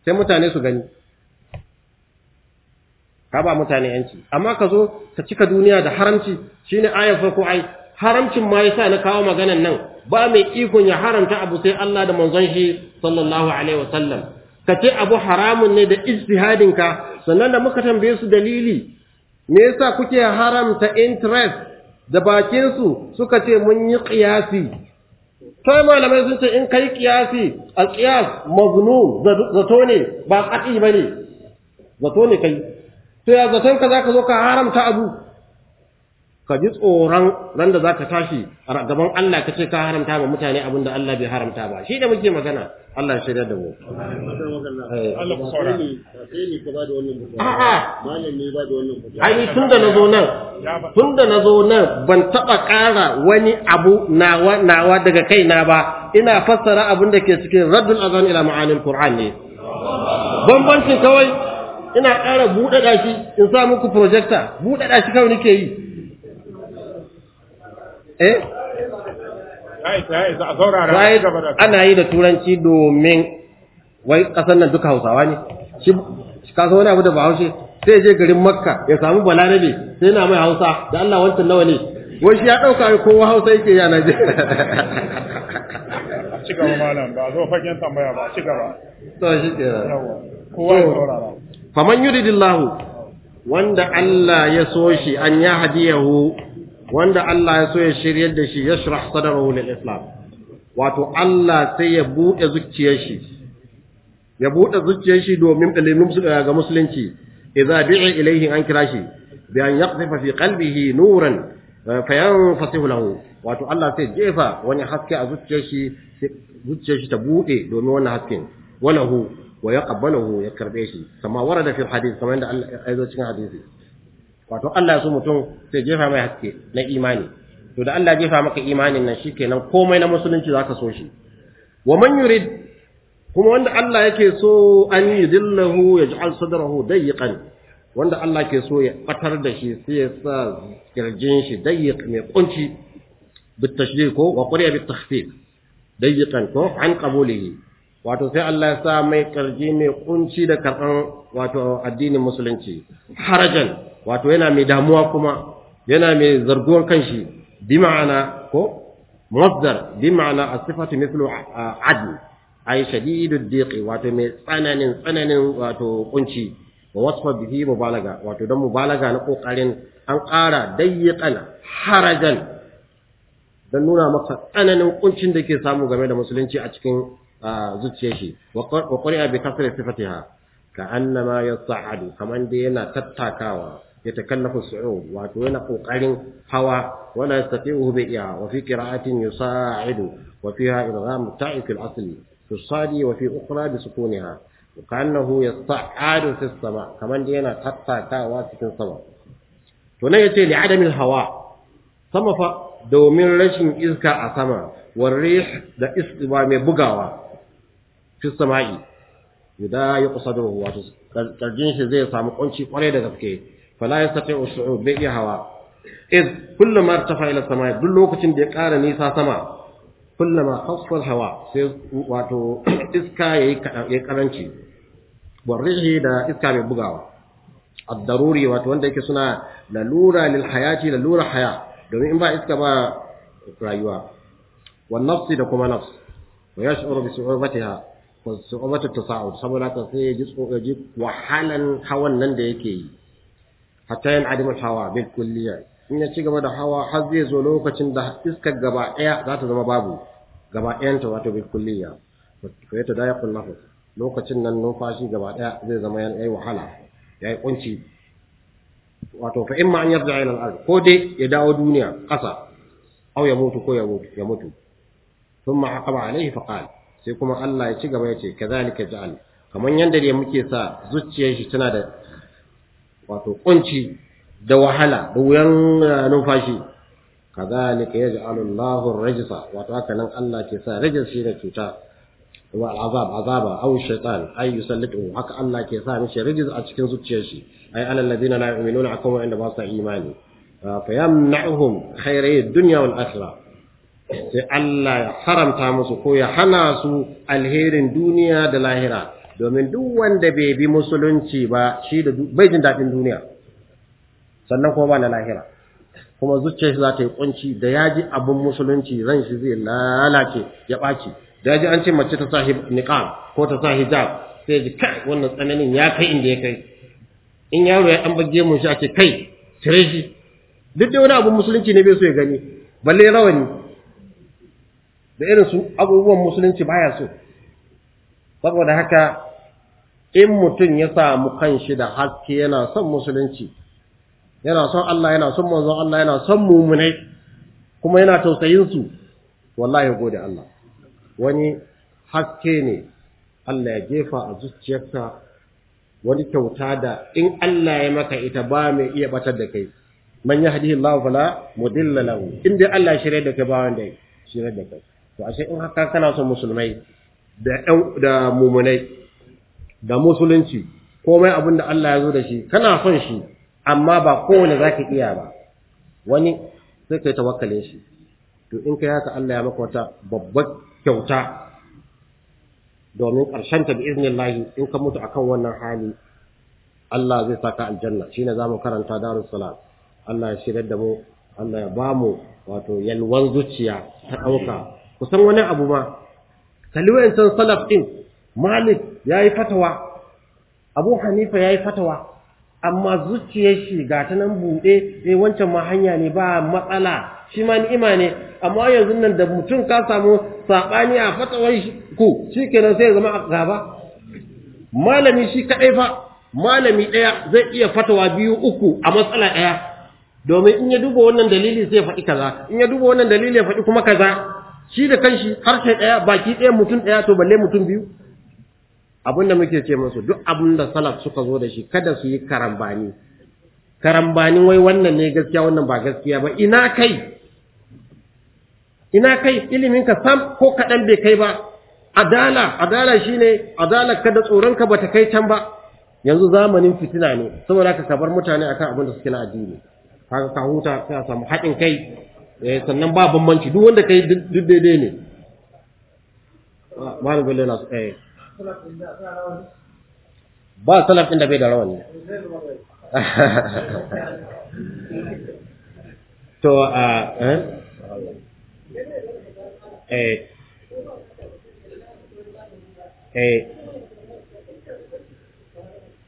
sai mutane su gani ka ba mutane yanci amma ka zo ka cika duniya da haramci shine ayar farko ai haramcin ma yasa na kawo maganan nan ba mai ikon ya haramta abu sai Allah da manzon shi sallallahu alaihi wasallam ka ce abu haramun ne da ijtihadin ka sannan da muka tambaye su dalili me yasa kuke haramta interest da bakinsu suka ce mun yi ƙiyasi sai malamai sun ce in kai ƙiyasi a ƙiyas maznu zato ne ba ƙaƙi ba ne zato ne kai to ya zaton ka za zo ka haramta abu ka ji tsoron ran da za tashi a gaban Allah ka ce ka haramta ma mutane abin da Allah bai haramta ba shi da muke magana Allah ya shirya da mu. Eh. Allah ku ni ka wannan A'a. Malam ne ba da wannan fatawa. Ai tun da nazo nan, tun da nan ban taɓa ƙara wani abu nawa nawa daga kaina ba. Ina fassara abin da ke cikin raddul azan ila ma'anin Qur'an ne. Bambancin kawai ina ƙara buɗaɗa shi in sa muku projector, buɗaɗa shi kawai nake yi. Eh? ana yi da turanci domin wai ƙasar nan duka hausawa ne shi kasa wani abu da ba haushe sai je garin makka ya samu balarabe sai na mai hausa da allah wancan nawa ne wai shi ya ɗauka kowa hausa yake yana je ba zo fagen tambaya ba ci gaba to shi ke kowa ya saurara faman wanda allah ya so shi an ya hadiyahu wanda Allah ya so ya shiryar da shi yashrah sadrahu lil islam wato Allah sai ya bude zuciyar shi ya bude zuciyar shi domin dalimin eh, ga musulunci idza du'a ilayhi an kira shi bi an yaqdhifa fi qalbihi nuran eh, fayanfasihu lahu wato Allah sai jefa wani haske a zuciyar shi zuciyar shi ta bude domin wannan hasken walahu wa yaqbaluhu ya karbe shi kama warada fi hadith kama yadda Allah ya aizo cikin hadisi wato Allah so mutum sai jefa mai haske na imani to da Allah jefa maka imanin nan shikenan komai na musulunci zaka so shi wa man yurid kuma wanda Allah yake so an yudillahu yaj'al sadrahu dayyqan wanda Allah ke so ya batar da shi sai ya sa kirjin shi dayyiq mai kunci bitashdid ko wa qariya bitakhfif dayyiqan ko an qabulihi wato sai Allah ya sa mai kirji mai kunci da karban wato addinin musulunci harajan wato yana mai damuwa kuma yana mai zarguwar kanshi bi ma'ana ko mazdar bi ma'ana a sifatu a adl ay shadidud diqi wato mai tsananin tsananin wato kunci wa wasfa bihi mubalaga wato dan mubalaga na ƙoƙarin an ƙara dayyiqan harajan don nuna maka tsananin kuncin da ke samu game da musulunci a cikin zuciyar shi wa qari'a bi kasri sifatiha ka annama yas'adu kaman da yana tattakawa yatakallafu su'ud wato yana kokarin hawa wala yastati'uhu bi iya wa fi qira'atin yusa'idu wa fiha ilgham ta'if al-asl tusadi wa fi ukhra bi sukuniha kannahu yasta'adu fi sama kaman dai yana tattakawa cikin saba. to ne yace li adami hawa sama fa domin rashin iska a sama warrih da isba mai bugawa fi sama'i idan yaqsaduhu wa tarjin shi zai samu kunci kwarai da gaske fala yastati'u su'ud bai iya hawa iz kullama irtafa ila samai duk lokacin da ya ƙara nisa sama kullama khassa hawa sai wato iska yayi yayi karanci warrihi da iska mai bugawa ad wato wanda yake suna lalura lil hayati lalura haya domin in ba iska ba rayuwa wan nafsi da kuma nafs wa yash'uru bi saboda sai ya ji wahalan hawan nan da yake yi hatta yin adimul hawa bil kulliya in ya ci gaba da hawa har zai zo lokacin da iskar gaba ɗaya za ta zama babu gaba ɗayanta wato bil kulliya to ya tadayaqu nafs lokacin nan numfashi gaba ɗaya zai zama yayi wahala yayi kunci wato fa imma an yarda ila al ko dai ya dawo duniya ƙasa aw ya mutu ko ya mutu ya mutu thumma aqaba alaihi fa qala sai kuma Allah ya ci gaba ya ce kadhalika ja'al kaman yanda da muke sa zuciyar shi tana da wato kunci da wahala da wuyan uh, numfashi kazalika yaj'alu Allahu ar-rajza wato haka nan Allah ke sa rajis shi da cuta wa azab azaba aw shaytan ay yusallitu haka Allah ke sa mishi rajis a cikin zuciyar shi ay alal ladina la yu'minuna akum inda ba sa imani uh, fa yamna'uhum khayray ad-dunya wal akhirah sai Allah ya haramta musu ko ya hana su alherin duniya da lahira domin duk wanda bai bi musulunci ba shi da bai jin daɗin duniya sannan kuma ba na lahira kuma zuciyar shi za ta yi kunci da ya ji abin musulunci ran shi zai lalace ya ɓaci da ya ji an ce mace ta sa niqab ko ta sa hijab sai ji kai wannan tsananin ya kai inda ya kai in yaro ya ɗan bage mun shi a ce kai cire shi duk da wani abin musulunci ne bai so ya gani balle rawani da irin su abubuwan musulunci baya so saboda haka in mutum ya samu shi da haske yana son musulunci yana son Allah yana son manzon Allah yana son mumunai kuma yana tausayin su wallahi gode Allah wani haske ne Allah ya jefa a zuciyarka wani kyauta da in Allah ya maka ita ba mai iya batar da kai man yahdihi Allah fala mudilla lahu in dai Allah shirye da kai ba wanda shirye da kai to ashe in haka kana son musulmai da da mumunai da musulunci komai abin da Allah ya zo da shi kana son shi amma ba kowane zaka iya ba wani sai kai tawakkalin shi to in kai haka Allah ya maka wata babbar kyauta domin ƙarshen ta bi iznillahi in ka mutu akan wannan hali Allah zai saka aljanna Shi shine zamu karanta darus salat Allah ya shirar da mu Allah ya ba mu wato yalwan zuciya ta ɗauka kusan wani abu ma kalli salaf ɗin malik Ya yi fatawa Abu Hanifa yi fatawa amma zuciyar shi ga ta nan buɗe eh wancan ma hanya ne ba matsala shi ma ni'ima ne amma yanzu nan da mutum ka samu saɓani a fatawar ku shi kenan sai zama a gaba malami shi kaɗai fa malami ɗaya zai iya fatawa biyu uku a matsala ɗaya. domin in ya duba wannan dalili sai faɗi kaza in ya duba wannan dalili ya faɗi kuma kaza shi da kanshi harshe ɗaya baki ɗaya mutum ɗaya to balle mutum biyu abin da muke ce masu duk abin da salaf suka zo da shi kada su yi karambani karambani wai wannan ne gaskiya wannan ba gaskiya ba ina kai ina kai ilimin ka sam ko kaɗan bai kai ba adala adala shine adala kada tsoron ka bata kai can ba yanzu zamanin fitina ne saboda ka kabar mutane akan abin da suke na addini kaga ka huta sai a samu haɗin kai eh, sannan ba bambanci duk wanda kai duk daidai ne gole na eh ba salaf da bai da rawani to a eh? eh eh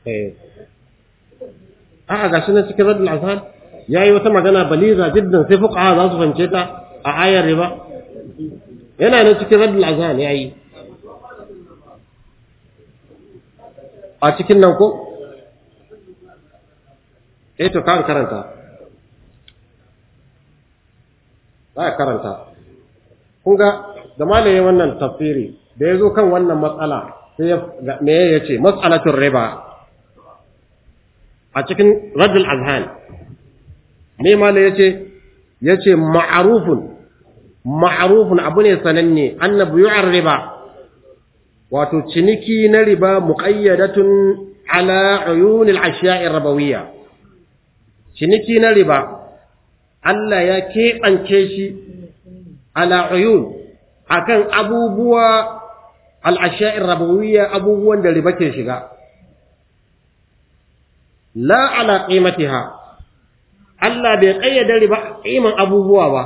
eh a'a ga shi na cikin radul azhar wata magana baliza jiddan sai fuqaha za su fahimce ta a ayar riba yana nan cikin radul azhar yayi a cikin nan ko eh to kan karanta za a karanta kun ga da malaye wannan tafsiri da ya zo kan wannan matsala sai ya me ya ce matsalatul riba a cikin radul azhan me malaye ya ce ya ce ma'arufun ma'arufun abu ne sananne annabu yu'ar riba wato ciniki na riba muƙayyadatun ala uyunil ashiya'i rabawiyya ciniki na riba Allah ya keɓance shi ala uyun akan abubuwa al'asha'in rabawiyya abubuwan da riba ke shiga. La ala qimatiha Allah bai ƙayyade riba ƙiman abubuwa ba,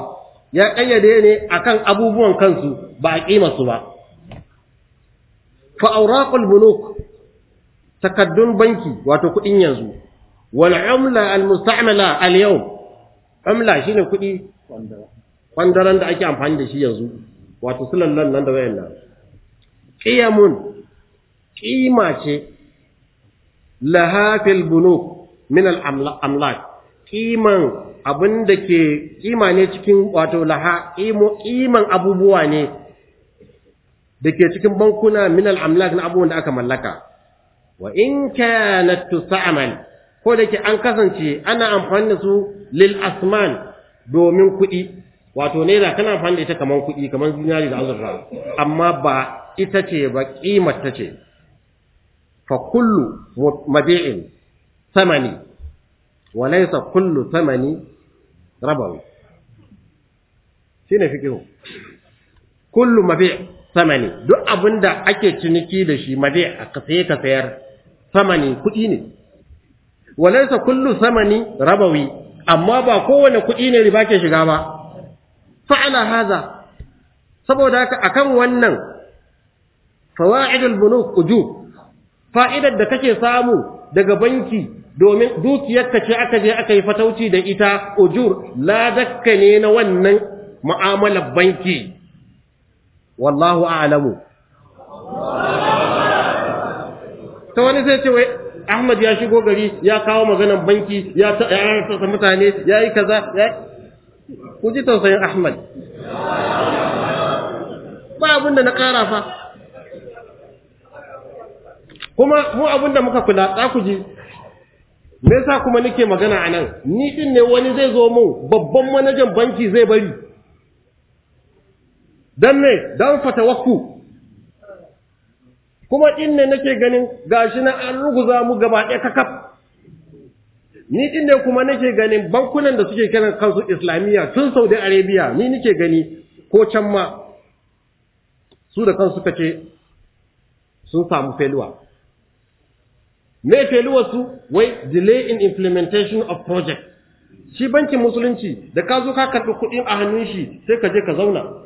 ya ƙayyade ne akan abubuwan kansu ba a ƙimarsu ba. fa auraqul buluk takaddun banki wato kudin yanzu wal umla al musta'mala al yawm umla shine kudi kwandaran da ake amfani da shi yanzu wato sulallan nan da wayannan qiyamun qima ce laha fil buluk min al amlak qiman abinda ke kima ne cikin wato laha qiman abubuwa ne da ke cikin bankuna min al'amlak na abubuwan da aka mallaka, wa in kanat tusa'amal, ko da ke an kasance ana amfani da su lil asman domin kuɗi, wato naira tana amfani da ita kamar kuɗi, kamar zinari da azurra, amma ba ita ce ba ƙimar ta ce, fa kullu mabi'in samani, wa laisa kullu samani rabawi. Shi ne fikihu. Kullu mabi'in sama duk abin da ake ciniki da shi made a sai ka sayar sama ne kuɗi ne walaysa kullu samani rabawi amma ba kowane kuɗi ne riba ke shiga ba fa'ala haza saboda haka akan wannan fawaidul bunuk ujur, fa'idar da kake samu daga banki domin dukiyarka ce aka je aka yi fatauci da ita ujur ladakka ne na wannan mu'amalar banki wallahu a'lamu ta wani sai ce wai Ahmad ya shigo gari ya kawo maganan banki ya ta mutane ya yi kaza ya ku ji tausayin Ahmad ba abinda na ƙara fa kuma mu abinda muka kula za ku ji me yasa kuma nake magana anan? ni din ne wani zai zo mu babban manajan banki zai bari dan ne dan fatawakku kuma din ne nake ganin gashi na an ruguza mu gaba ɗaya kakaf ni din ne kuma nake ganin bankunan da suke kiran kansu islamiyya tun Saudi Arabia ni nake gani ko can ma su da kansu suka ce sun samu failure me failure su wai delay in implementation of project shi bankin musulunci da ka zo ka karɓi kuɗin a hannun shi sai ka je ka zauna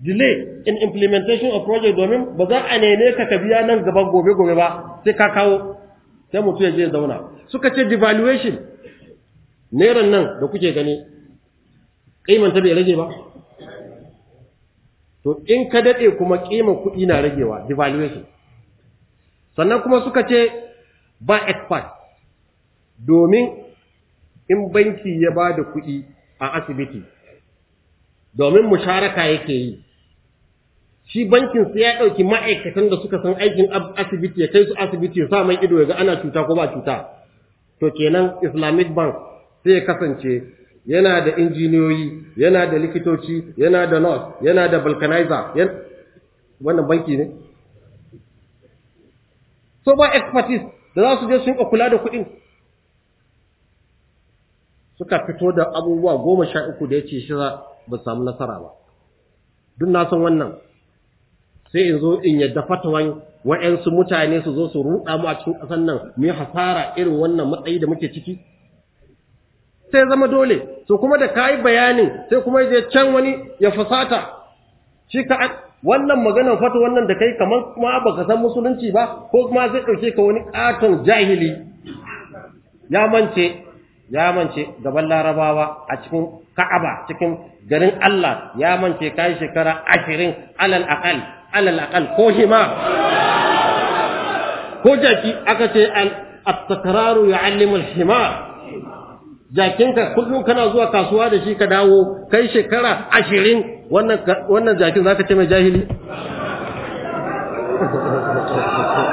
delay in implementation of project domin ba za a nene ka ka biya nan gaban gobe gobe ba sai ka kawo sai mutu ya je zauna suka ce devaluation neran nan da kuke gani kimanta bai rage ba to in ka dade kuma kima kuɗi na ragewa devaluation sannan kuma suka ce ba expert domin in banki ya ba da kuɗi a asibiti domin musharaka yake yi shi bankin sai ya ɗauki ma'aikatan da suka san aikin asibiti ya kai su asibiti ya sa mai ido ya ga ana cuta ko ba cuta to kenan islamic bank sai ya kasance yana da injiniyoyi yana da likitoci yana da nurse yana da balkanizer wannan banki ne so ba expertise da za su je sun kula da kuɗin suka fito da abubuwa goma sha uku da ya ce shi ba samu nasara ba duk na san wannan sai in zo in yadda fatawan wa'yansu mutane su zo su ruɗa mu a cikin ƙasar nan mai hasara irin wannan matsayi da muke ciki sai zama dole so kuma da kayi bayanin sai kuma je can wani ya fasata shi ka wannan maganar fata wannan da kai kamar kuma baka san musulunci ba ko kuma zai ɗauke ka wani ƙaton jahili ya mance ya mance gaban larabawa a cikin ka'aba cikin garin Allah ya mance kai shekara ashirin alal akal alal aqal ko ko jaki aka ce al at-takraru yu'allimu al-himar jakinka kullum kana zuwa kasuwa da shi ka dawo kai shekara 20 wannan wannan jakin zaka ce mai jahili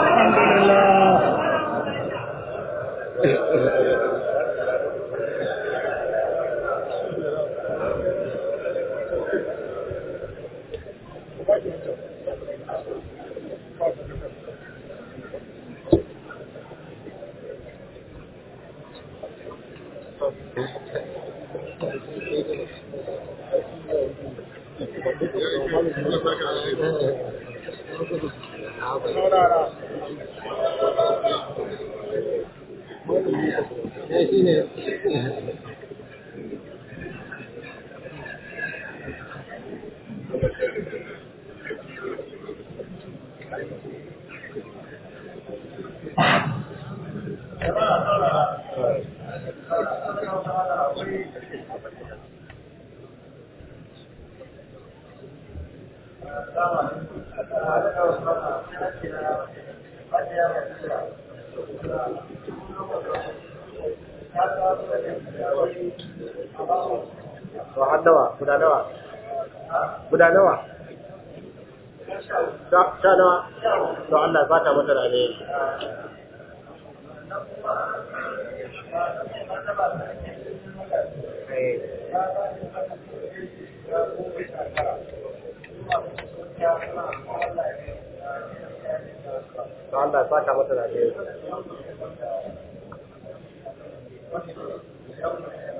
いでね。nawa guda nawa guda nawa sha nawa to Allah fata mata da ne Allah ya